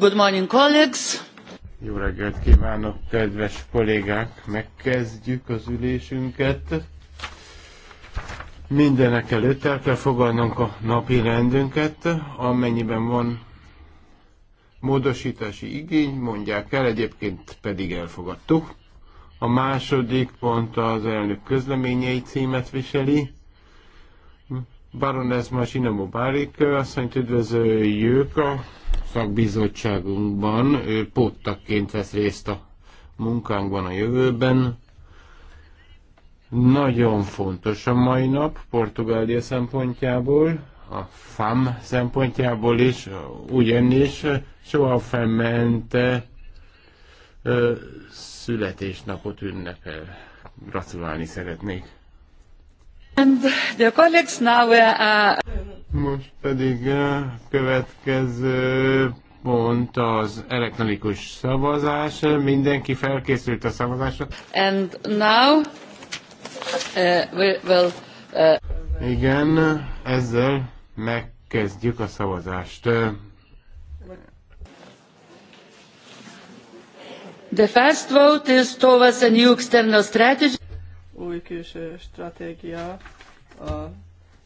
Good morning, colleagues. Jó reggelt kívánok, kedves kollégák! Megkezdjük az ülésünket. Mindenek előtt el kell fogadnunk a napi rendünket, amennyiben van módosítási igény, mondják el, egyébként pedig elfogadtuk. A második pont az elnök közleményei címet viseli. Baroness Masina Bárik asszonyt üdvözöljük a szakbizottságunkban. Ő póttakként vesz részt a munkánkban a jövőben. Nagyon fontos a mai nap Portugália szempontjából, a FAM szempontjából is, ugyanis soha felmente születésnapot ünnepel. Gratulálni szeretnék. Uh, Most pedig a uh, következő pont az elektronikus szavazás. Mindenki felkészült a szavazásra. And now uh, we will, uh... Igen, ezzel megkezdjük a szavazást. The first vote is towards a new external strategy új külső stratégia a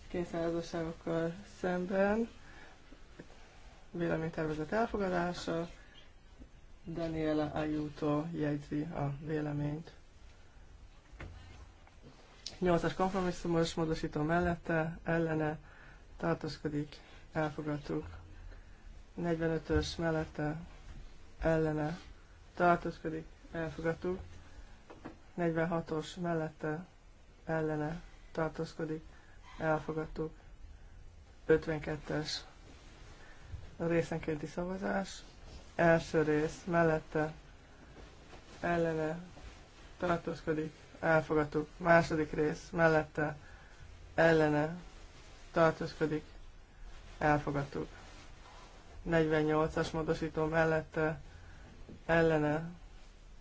kényszerházasságokkal szemben, véleménytervezet elfogadása, Daniela Ayuto jegyzi a véleményt. Nyolcas kompromisszumos módosító mellette, ellene tartózkodik, elfogadtuk. 45-ös mellette, ellene tartózkodik, elfogadtuk. 46-os mellette ellene tartózkodik, elfogadtuk. 52-es részenkénti szavazás, első rész mellette ellene tartózkodik, elfogadtuk. Második rész mellette ellene tartózkodik, elfogadtuk. 48-as módosító mellette ellene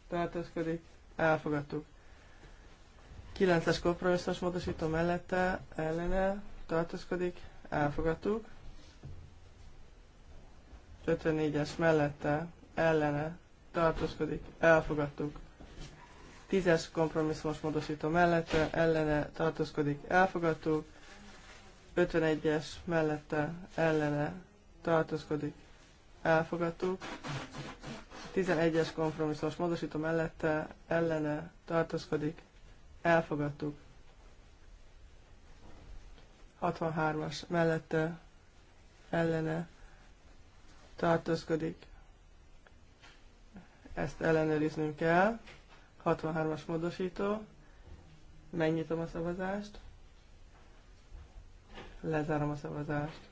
tartózkodik, elfogadtuk. 9-es kompromisszos módosító mellette ellene tartózkodik, elfogadtuk. 54-es mellette ellene tartózkodik, elfogadtuk. 10-es kompromisszumos módosító mellette ellene tartózkodik, elfogadtuk. 51-es mellette ellene tartózkodik, elfogadtuk. 11-es kompromisszumos módosító mellette ellene tartózkodik. Elfogadtuk. 63-as mellette ellene tartózkodik. Ezt ellenőriznünk kell. 63-as módosító. Megnyitom a szavazást. Lezárom a szavazást.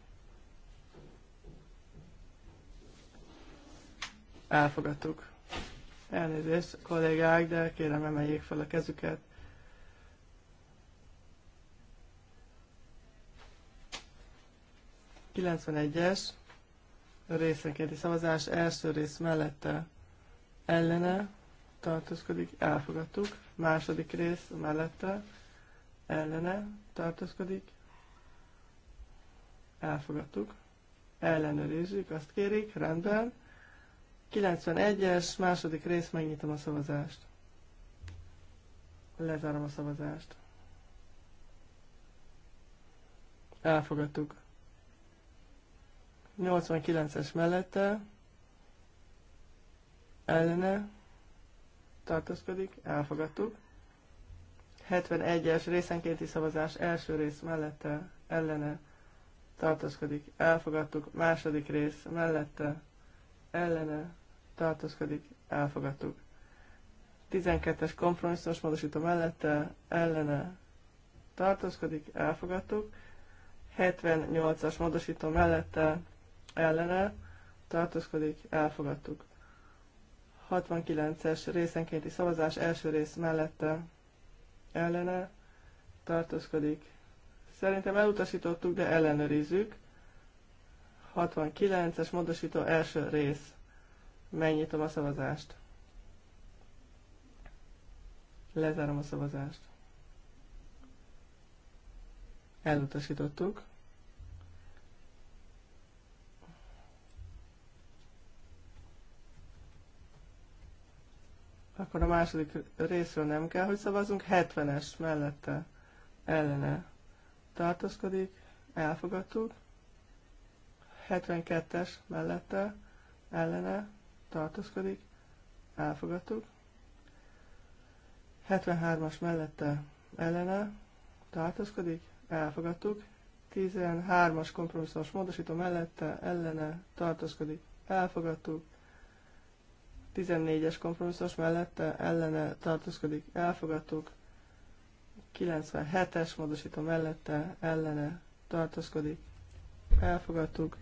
Elfogadtuk. Elnézést, kollégák, de kérem emeljék fel a kezüket. es részenkénti szavazás első rész mellette ellene tartózkodik, elfogadtuk. Második rész mellette ellene tartózkodik, elfogadtuk. Ellenőrizzük, azt kérik, rendben. 91-es, második rész, megnyitom a szavazást. Lezárom a szavazást. Elfogadtuk. 89-es mellette, ellene, tartózkodik, elfogadtuk. 71-es részenkénti szavazás első rész mellette, ellene, tartózkodik, elfogadtuk. Második rész mellette, ellene, tartózkodik, elfogadtuk. 12-es kompromisszumos módosító mellette, ellene tartózkodik, elfogadtuk. 78-as módosító mellette, ellene tartózkodik, elfogadtuk. 69-es részenkénti szavazás első rész mellette, ellene tartózkodik. Szerintem elutasítottuk, de ellenőrizzük. 69-es módosító első rész. Megnyitom a szavazást. Lezárom a szavazást. Elutasítottuk. Akkor a második részről nem kell, hogy szavazunk. 70-es mellette ellene tartózkodik. Elfogadtuk. 72-es mellette ellene tartózkodik, elfogadtuk. 73-as mellette ellene tartózkodik, elfogadtuk. 13-as kompromisszumos módosító mellette ellene tartózkodik, elfogadtuk. 14-es kompromisszumos mellette ellene tartózkodik, elfogadtuk. 97-es módosító mellette ellene tartózkodik, elfogadtuk.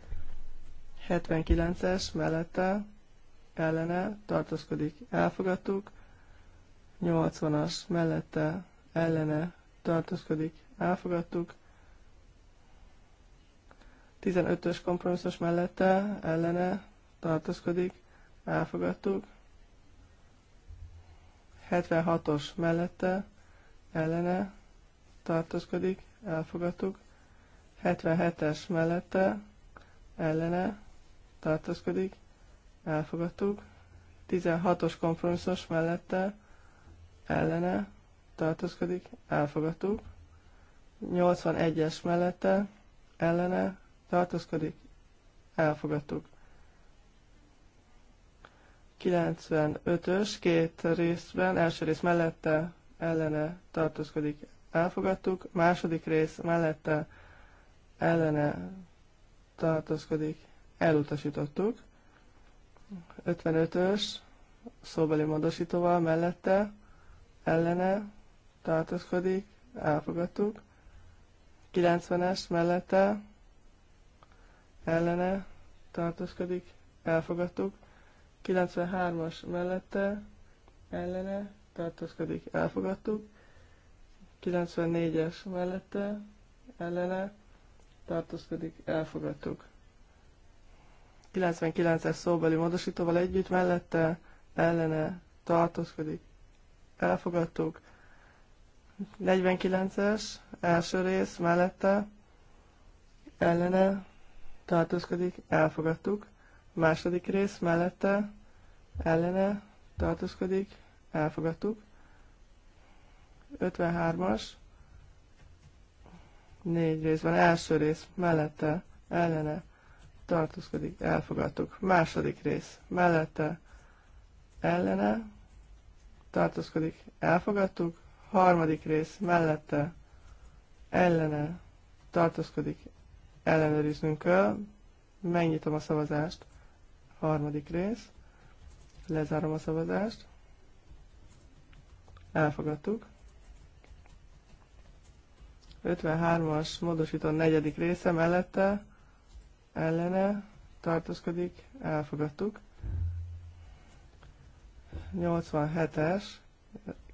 79-es mellette ellene tartózkodik, elfogadtuk. 80-as mellette ellene tartózkodik, elfogadtuk. 15-ös kompromisszus mellette ellene tartózkodik, elfogadtuk. 76-os mellette ellene tartózkodik, elfogadtuk. 77-es mellette ellene tartózkodik, elfogadtuk. 16-os kompromisszos mellette ellene tartózkodik, elfogadtuk. 81-es mellette ellene tartózkodik, elfogadtuk. 95-ös két részben, első rész mellette ellene tartózkodik, elfogadtuk, második rész mellette ellene tartózkodik, elutasítottuk. 55-ös szóbeli módosítóval mellette ellene tartózkodik, elfogadtuk. 90-es mellette ellene tartózkodik, elfogadtuk. 93-as mellette ellene tartózkodik, elfogadtuk. 94-es mellette ellene tartózkodik, elfogadtuk. 99-es szóbeli módosítóval együtt mellette ellene tartózkodik. Elfogadtuk. 49-es első rész mellette ellene tartózkodik. Elfogadtuk. Második rész mellette ellene tartózkodik. Elfogadtuk. 53-as négy részben első rész mellette ellene tartózkodik, elfogadtuk. Második rész mellette, ellene, tartózkodik, elfogadtuk. Harmadik rész mellette, ellene, tartózkodik, ellenőriznünk kell. Megnyitom a szavazást. Harmadik rész. Lezárom a szavazást. Elfogadtuk. 53-as módosító negyedik része mellette ellene tartózkodik, elfogadtuk. 87-es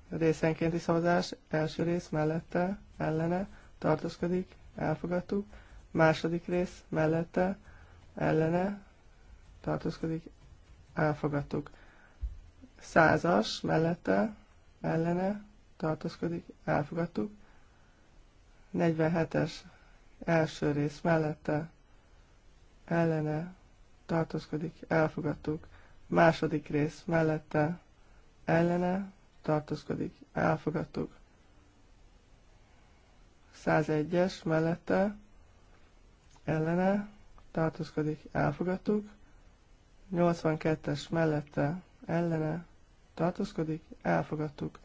részenkénti szavazás, első rész mellette, ellene tartózkodik, elfogadtuk. Második rész mellette, ellene tartózkodik, elfogadtuk. Százas mellette, ellene tartózkodik, elfogadtuk. 47-es első rész mellette, ellene tartózkodik, elfogadtuk. Második rész mellette ellene tartózkodik, elfogadtuk. 101-es mellette ellene tartózkodik, elfogadtuk. 82-es mellette ellene tartózkodik, elfogadtuk.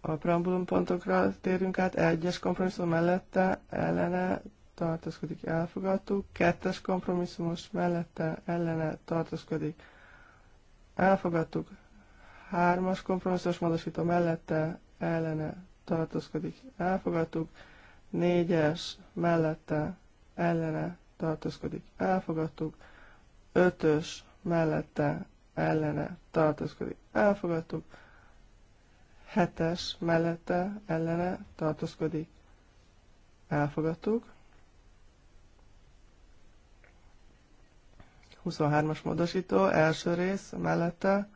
A preambulum pontokra térünk át, egyes kompromisszum mellette ellene tartózkodik, elfogadó, Kettes kompromisszumos mellette ellene tartózkodik, elfogadtuk. Hármas kompromisszumos módosító mellette ellene tartózkodik, elfogadtuk. Négyes mellette ellene tartózkodik, elfogadtuk. Ötös mellette ellene tartózkodik, elfogadtuk. Hetes mellette ellene tartózkodik, elfogadtuk. 23-as módosító, első rész, mellette,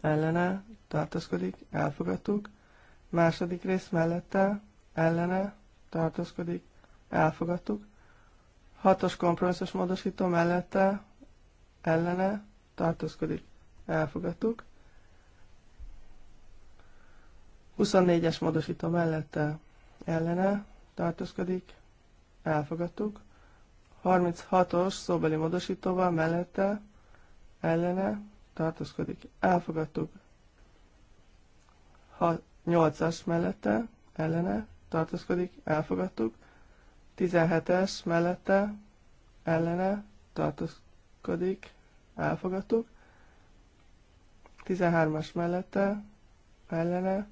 ellene, tartózkodik, elfogadtuk. Második rész mellette, ellene, tartózkodik, elfogadtuk. Hatos kompromisszus módosító mellette, ellene, tartózkodik, elfogadtuk. 24-es módosító mellette, ellene, tartózkodik, elfogadtuk. 36-os szóbeli módosítóval mellette ellene tartózkodik. Elfogadtuk. 8-as mellette ellene tartózkodik. Elfogadtuk. 17-es mellette ellene tartózkodik. Elfogadtuk. 13-as mellette ellene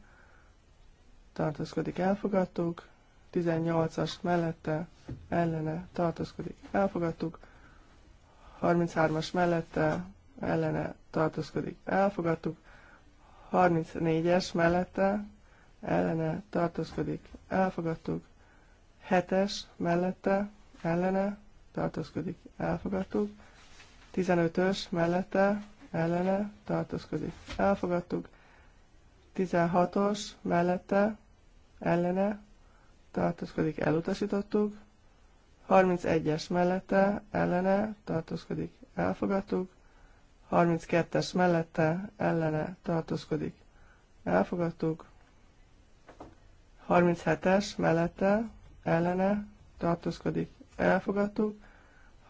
tartózkodik. Elfogadtuk. 18-as mellette ellene tartózkodik, elfogadtuk. 33-as mellette ellene tartózkodik, elfogadtuk. 34-es mellette ellene tartózkodik, elfogadtuk. 7-es mellette ellene tartózkodik, elfogadtuk. 15-ös mellette ellene tartózkodik, elfogadtuk. 16-os mellette ellene tartózkodik, elutasítottuk. 31-es mellette, ellene, tartózkodik, elfogadtuk. 32-es mellette, ellene, tartózkodik, elfogadtuk. 37-es mellette, ellene, tartózkodik, elfogadtuk.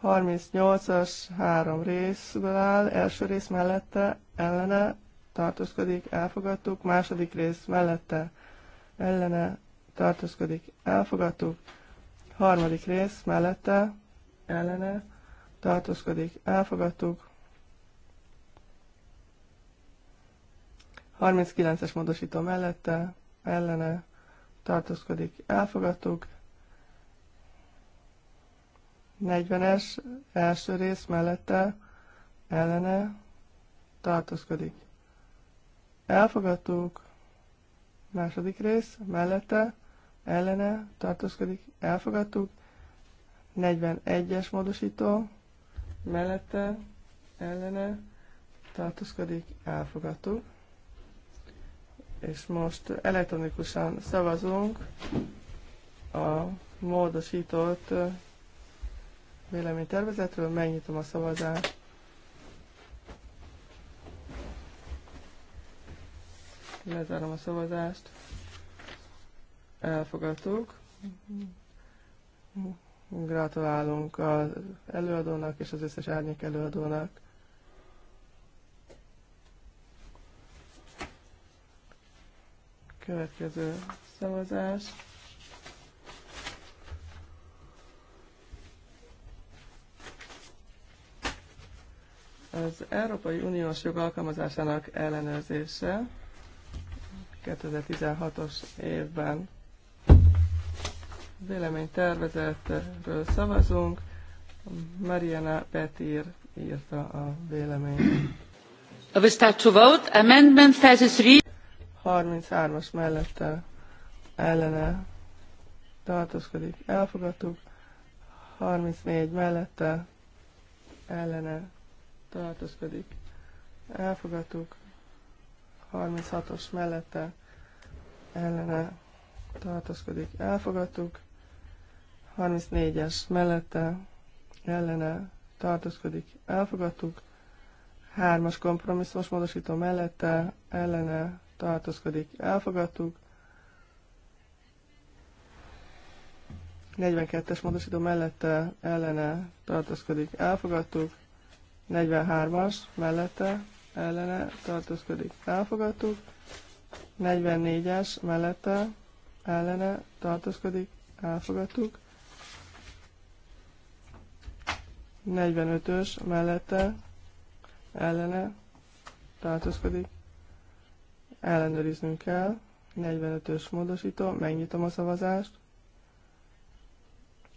38-as három részből áll, első rész mellette, ellene, tartózkodik, elfogadtuk, második rész mellette, ellene, tartózkodik, elfogadtuk. Harmadik rész mellette, ellene, tartózkodik, elfogadtuk. 39-es módosító mellette, ellene, tartózkodik, elfogadtuk. 40-es első rész mellette, ellene, tartózkodik. Elfogadtuk. Második rész mellette, ellene tartózkodik, elfogadtuk. 41-es módosító mellette ellene tartózkodik, elfogadtuk. És most elektronikusan szavazunk a módosított véleménytervezetről, megnyitom a szavazást. Lezárom a szavazást elfogadtuk. Gratulálunk az előadónak és az összes árnyék előadónak. Következő szavazás. Az Európai Uniós jog alkalmazásának ellenőrzése 2016-os évben véleménytervezetről szavazunk. Mariana Petir írta a véleményt. A uh, start to vote. Amendment 33. 33-as mellette ellene tartózkodik. Elfogadtuk. 34 mellette ellene tartózkodik. Elfogadtuk. 36-os mellette ellene tartózkodik. Elfogadtuk. 34-es mellette ellene tartózkodik, elfogadtuk. 3-as kompromisszumos módosító mellette ellene tartózkodik, elfogadtuk. 42-es módosító mellette ellene tartózkodik, elfogadtuk. 43-as mellette ellene tartózkodik, elfogadtuk. 44-es mellette ellene tartózkodik, elfogadtuk. 45-ös mellette ellene tartózkodik. Ellenőriznünk kell. 45-ös módosító. Megnyitom a szavazást.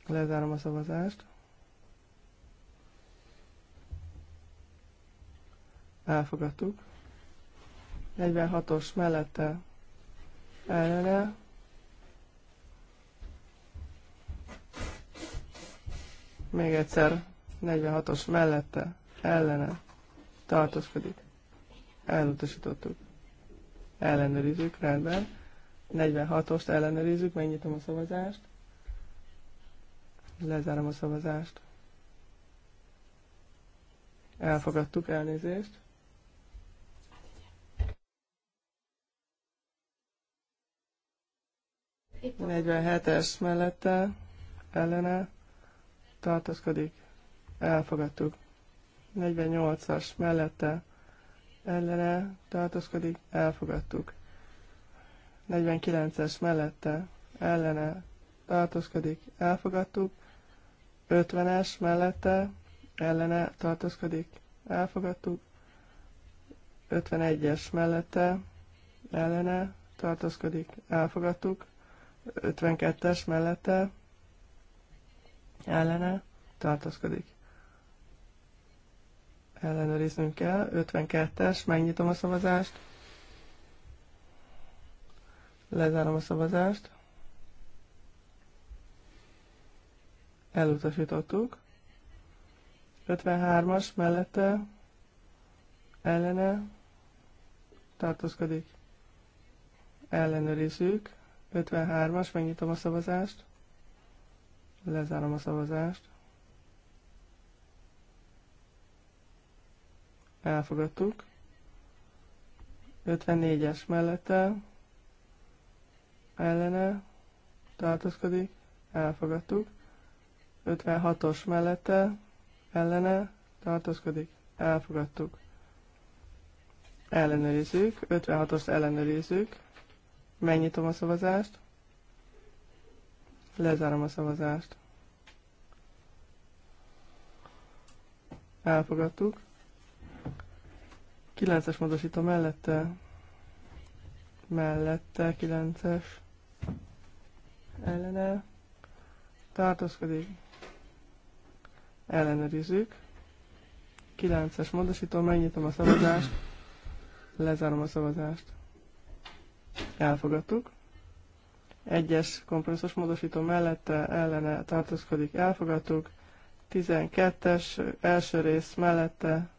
Lezárom a szavazást. Elfogadtuk. 46-os mellette ellene Még egyszer 46-os mellette ellene tartózkodik. Elutasítottuk. Ellenőrizzük, rendben. 46-ost ellenőrizzük, megnyitom a szavazást. Lezárom a szavazást. Elfogadtuk, elnézést. Itt 47-es mellette ellene tartozkodik elfogadtuk. 48-as mellette ellene tartózkodik, elfogadtuk. 49-es mellette ellene tartózkodik, elfogadtuk. 50-es mellette ellene tartózkodik, elfogadtuk. 51-es mellette ellene tartózkodik, elfogadtuk. 52-es mellette ellene tartózkodik, ellenőriznünk kell. 52-es, megnyitom a szavazást. Lezárom a szavazást. Elutasítottuk. 53-as mellette ellene tartózkodik. Ellenőrizzük. 53-as, megnyitom a szavazást. Lezárom a szavazást. elfogadtuk. 54-es mellette ellene tartózkodik, elfogadtuk. 56-os mellette ellene tartózkodik, elfogadtuk. Ellenőrizzük, 56 os ellenőrizzük. Megnyitom a szavazást. Lezárom a szavazást. Elfogadtuk. 9-es módosító mellette, mellette, 9-es ellene tartózkodik, ellenőrizzük. 9-es módosító, megnyitom a szavazást, lezárom a szavazást. Elfogadtuk. 1-es kompromisszus módosító mellette ellene tartózkodik, elfogadtuk. 12-es első rész mellette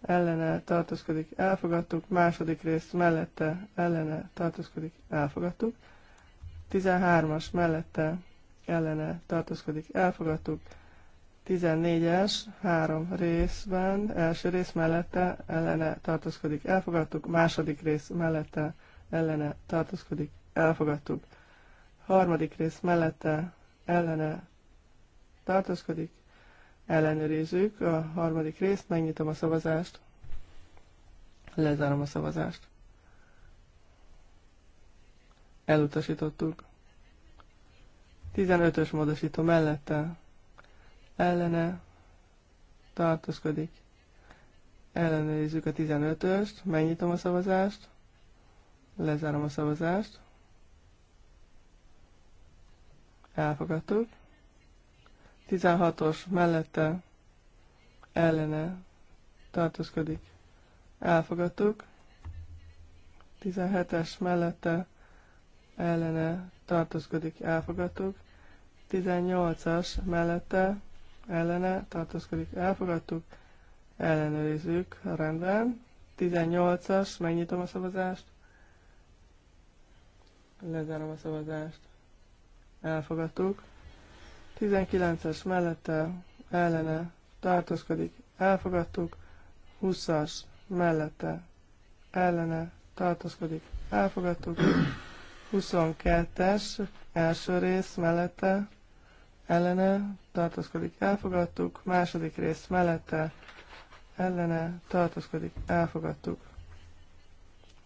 ellene tartózkodik, elfogadtuk. Második rész mellette ellene tartózkodik, elfogadtuk. 13-as mellette ellene tartózkodik, elfogadtuk. 14-es, három részben, első rész mellette ellene tartózkodik, elfogadtuk. Második rész mellette ellene tartózkodik, elfogadtuk. Harmadik rész mellette ellene tartózkodik, ellenőrizzük a harmadik részt, megnyitom a szavazást, lezárom a szavazást. Elutasítottuk. 15-ös módosító mellette ellene tartózkodik. Ellenőrizzük a 15-öst, megnyitom a szavazást, lezárom a szavazást. Elfogadtuk. 16-os mellette ellene tartózkodik. Elfogadtuk. 17-es mellette ellene tartózkodik. Elfogadtuk. 18-as mellette ellene tartózkodik. Elfogadtuk. Ellenőrizzük. Rendben. 18-as. Megnyitom a szavazást. Lezárom a szavazást. Elfogadtuk. 19-es mellette ellene tartózkodik, elfogadtuk. 20-as mellette ellene tartózkodik, elfogadtuk. 22-es első rész mellette ellene tartózkodik, elfogadtuk. Második rész mellette ellene tartózkodik, elfogadtuk.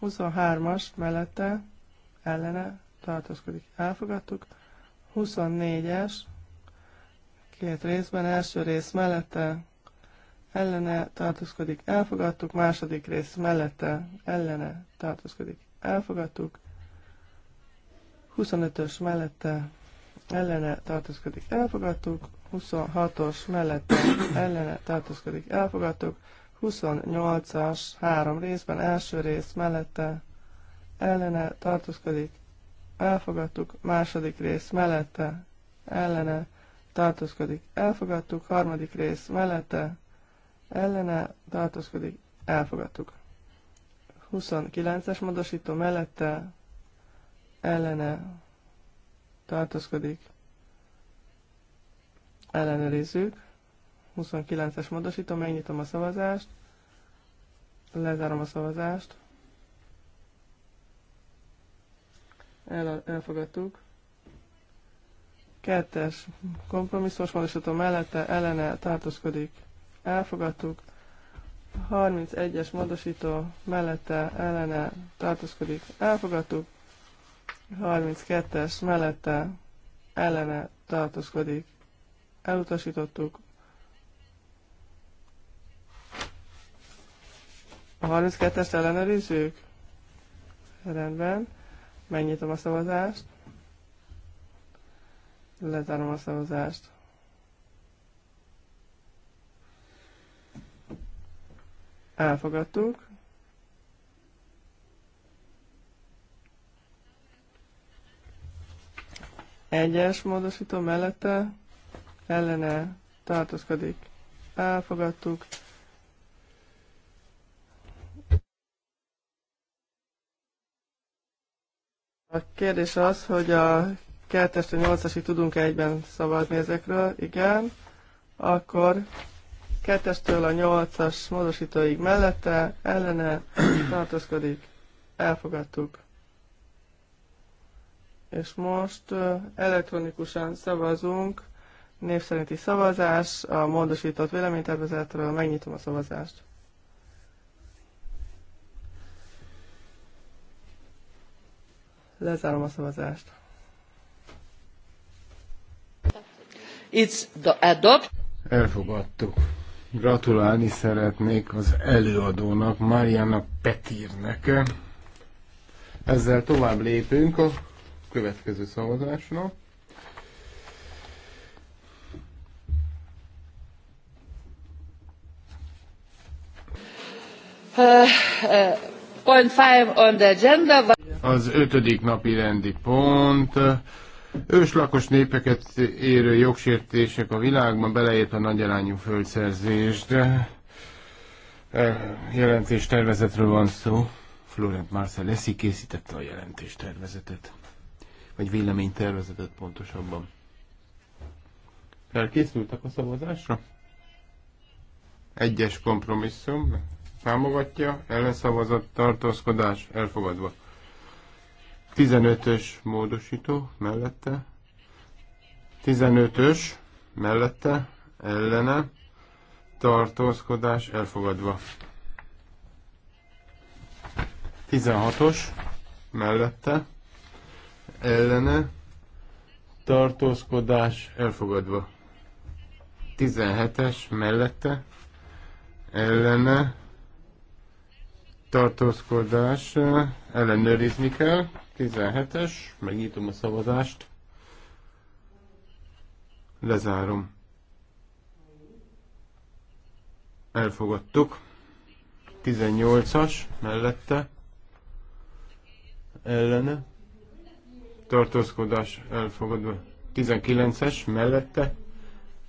23-as mellette ellene tartózkodik, elfogadtuk. 24-es Két részben, első rész mellette ellene tartózkodik, elfogadtuk, második rész mellette ellene tartózkodik, elfogadtuk, 25-ös mellette ellene tartózkodik, elfogadtuk, 26-os mellette ellene tartózkodik, elfogadtuk, 28-as három részben, első rész mellette ellene tartózkodik, elfogadtuk, második rész mellette ellene tartózkodik, elfogadtuk. Harmadik rész mellette, ellene, tartózkodik, elfogadtuk. 29-es módosító mellette, ellene, tartózkodik, ellenőrizzük. 29-es módosító, megnyitom a szavazást, lezárom a szavazást, El, elfogadtuk. Kettes kompromisszumos módosító mellette ellene tartózkodik. Elfogadtuk. 31-es módosító mellette ellene tartózkodik. Elfogadtuk. 32-es mellette ellene tartózkodik. Elutasítottuk. A 32-est ellenőrizzük? Rendben. Megnyitom a szavazást. Lezárom a szavazást. Elfogadtuk. Egyes módosító mellette ellene tartózkodik. Elfogadtuk. A kérdés az, hogy a 2 a 8-asig tudunk egyben szavazni ezekről, igen. Akkor 2-estől a 8-as módosítóig mellette, ellene tartozkodik. Elfogadtuk. És most elektronikusan szavazunk. Név szerinti szavazás, a módosított véleménytervezetről megnyitom a szavazást. Lezárom a szavazást. It's adopt. Elfogadtuk. Gratulálni szeretnék az előadónak, Mariana Petirnek. Ezzel tovább lépünk a következő szavazásra. Uh, uh, point five on the agenda. Az ötödik napi rendi pont Őslakos népeket érő jogsértések a világban, beleértve nagyarányú földszerzést. E, jelentés tervezetről van szó. Florent Leszi készítette a jelentés tervezetet. Vagy véleménytervezetet pontosabban. Felkészültek a szavazásra? Egyes kompromisszum támogatja, ellenszavazat, tartózkodás elfogadva. 15-ös módosító mellette. 15-ös mellette ellene tartózkodás elfogadva. 16-os mellette ellene tartózkodás elfogadva. 17-es mellette ellene tartózkodás ellenőrizni kell. 17-es, megnyitom a szavazást. Lezárom. Elfogadtuk. 18-as mellette. Ellene. Tartózkodás elfogadva. 19-es mellette.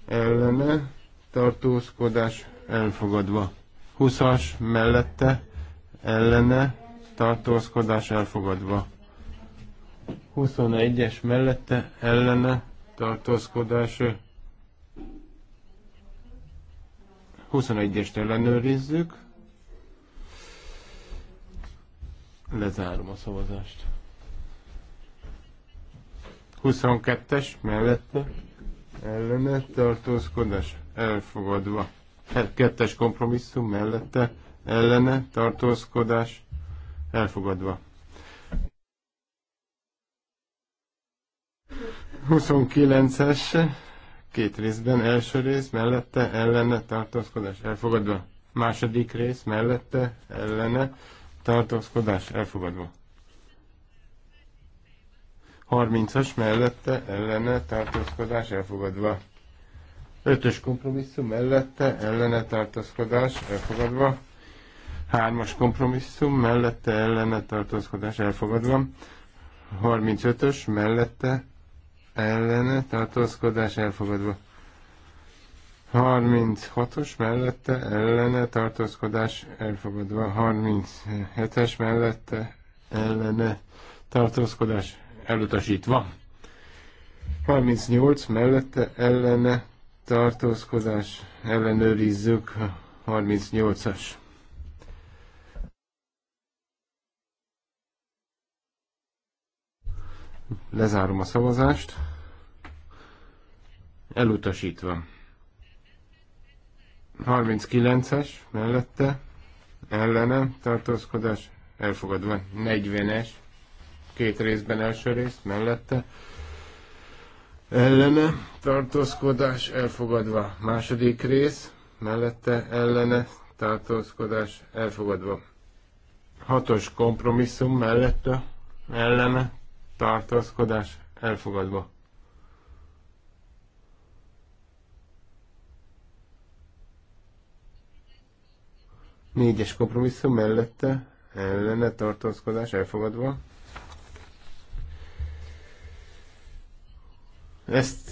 Ellene. Tartózkodás elfogadva. 20-as mellette. Ellene. Tartózkodás elfogadva. 21-es mellette ellene tartózkodás 21-est ellenőrizzük. Lezárom a szavazást. 22-es mellette ellene tartózkodás elfogadva. 22-es kompromisszum mellette ellene tartózkodás elfogadva. 29-es, két részben, első rész mellette, ellene, tartózkodás elfogadva. Második rész mellette, ellene, tartózkodás elfogadva. 30-as mellette, ellene, tartózkodás elfogadva. 5-ös kompromisszum mellette, ellene, tartózkodás elfogadva. 3-as kompromisszum mellette, ellene, tartózkodás elfogadva. 35-ös mellette, ellene tartózkodás elfogadva. 36-os mellette ellene tartózkodás elfogadva. 37-es mellette ellene tartózkodás elutasítva. 38 mellette ellene tartózkodás ellenőrizzük 38-as. Lezárom a szavazást. Elutasítva. 39-es mellette, ellene, tartózkodás, elfogadva. 40-es, két részben első rész, mellette, ellene, tartózkodás, elfogadva. Második rész, mellette, ellene, tartózkodás, elfogadva. Hatos kompromisszum mellette, ellene, tartózkodás elfogadva. Négyes kompromisszum mellette ellene tartózkodás elfogadva. Ezt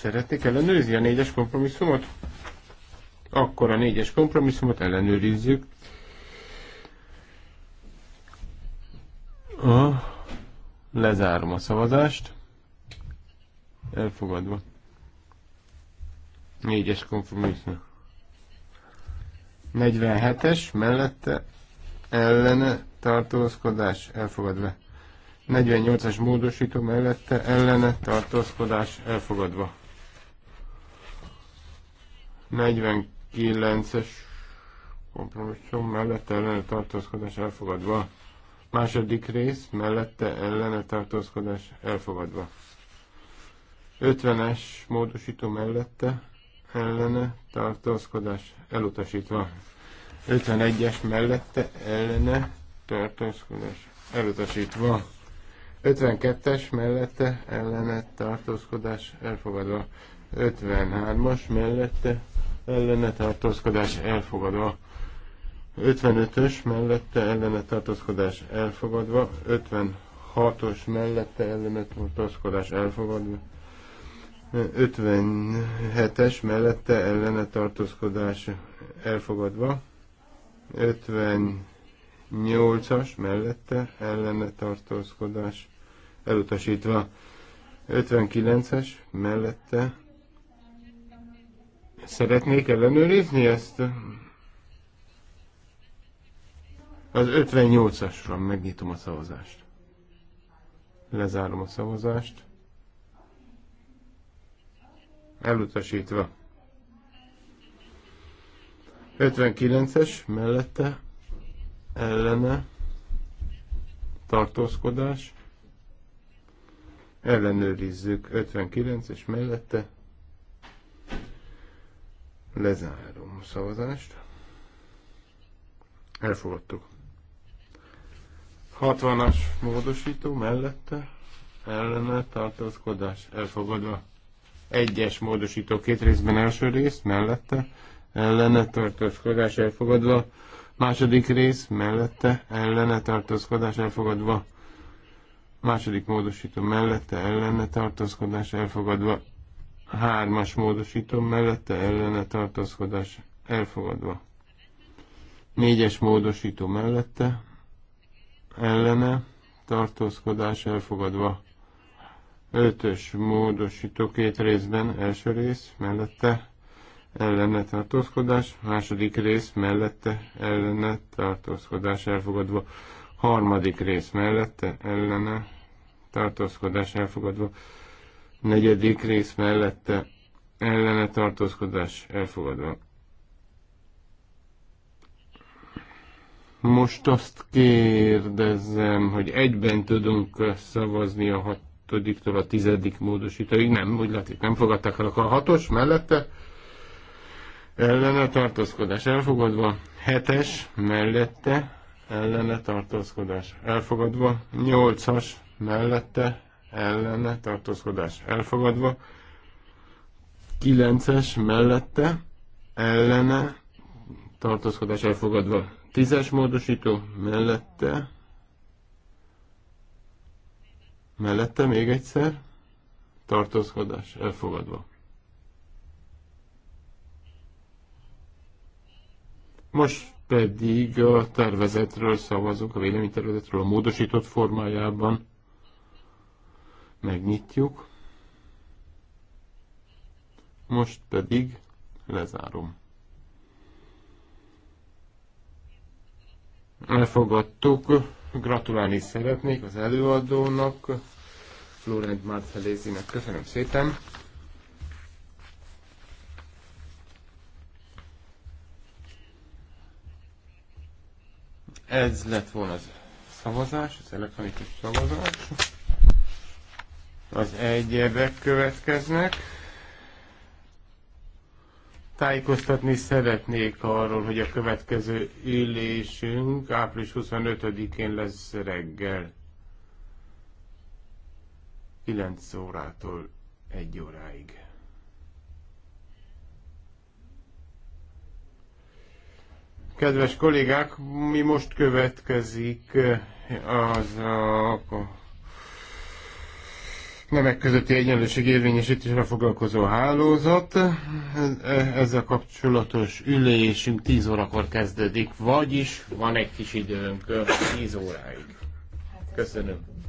szeretnék ellenőrizni a négyes kompromisszumot? Akkor a négyes kompromisszumot ellenőrizzük. A Lezárom a szavazást. Elfogadva. Négyes kompromisszum. 47-es, mellette ellene tartózkodás elfogadva. 48-as módosító mellette ellene tartózkodás elfogadva. 49-es kompromisszum mellette ellene tartózkodás elfogadva. Második rész, mellette ellene tartózkodás elfogadva. 50-es módosító mellette ellene tartózkodás elutasítva. 51-es mellette ellene tartózkodás elutasítva. 52-es mellette ellene tartózkodás elfogadva. 53-as mellette ellene tartózkodás elfogadva. 55-ös mellette ellene tartózkodás elfogadva, 56-os mellette ellene tartózkodás elfogadva, 57-es mellette ellene tartózkodás elfogadva, 58-as mellette ellene tartózkodás elutasítva, 59-es mellette szeretnék ellenőrizni ezt az 58-asra megnyitom a szavazást. Lezárom a szavazást. Elutasítva. 59-es mellette ellene tartózkodás. Ellenőrizzük 59-es mellette. Lezárom a szavazást. Elfogadtuk. 60-as módosító mellette ellene tartózkodás elfogadva. Egyes módosító két részben első rész mellette ellene tartózkodás elfogadva. Második rész mellette ellene tartózkodás elfogadva. Második módosító mellette ellene tartózkodás elfogadva. Hármas módosító mellette ellene tartózkodás elfogadva. Négyes módosító mellette ellene tartózkodás elfogadva. Ötös módosító két részben, első rész mellette ellene tartózkodás, második rész mellette ellene tartózkodás elfogadva, harmadik rész mellette ellene tartózkodás elfogadva, negyedik rész mellette ellene tartózkodás elfogadva. Most azt kérdezem, hogy egyben tudunk szavazni a hatodiktól a tizedik módosítóig. Nem, úgy látszik, nem fogadták el a hatos mellette. Ellene tartózkodás elfogadva. Hetes mellette. Ellene tartózkodás elfogadva. Nyolcas mellette. Ellene tartózkodás elfogadva. Kilences mellette. Ellene tartózkodás elfogadva Tízes módosító mellette. Mellette még egyszer. Tartózkodás elfogadva. Most pedig a tervezetről szavazunk, a véleménytervezetről a módosított formájában. Megnyitjuk. Most pedig lezárom. elfogadtuk. Gratulálni szeretnék az előadónak, Florent Márcelézinek. Köszönöm szépen! Ez lett volna az szavazás, az elektronikus szavazás. Az egyebek következnek. Tájékoztatni szeretnék arról, hogy a következő ülésünk április 25-én lesz reggel 9 órától 1 óráig. Kedves kollégák, mi most következik eh, az a nemek közötti egyenlőség érvényesítésre foglalkozó hálózat. Ezzel kapcsolatos ülésünk 10 órakor kezdődik, vagyis van egy kis időnk 10 óráig. Köszönöm.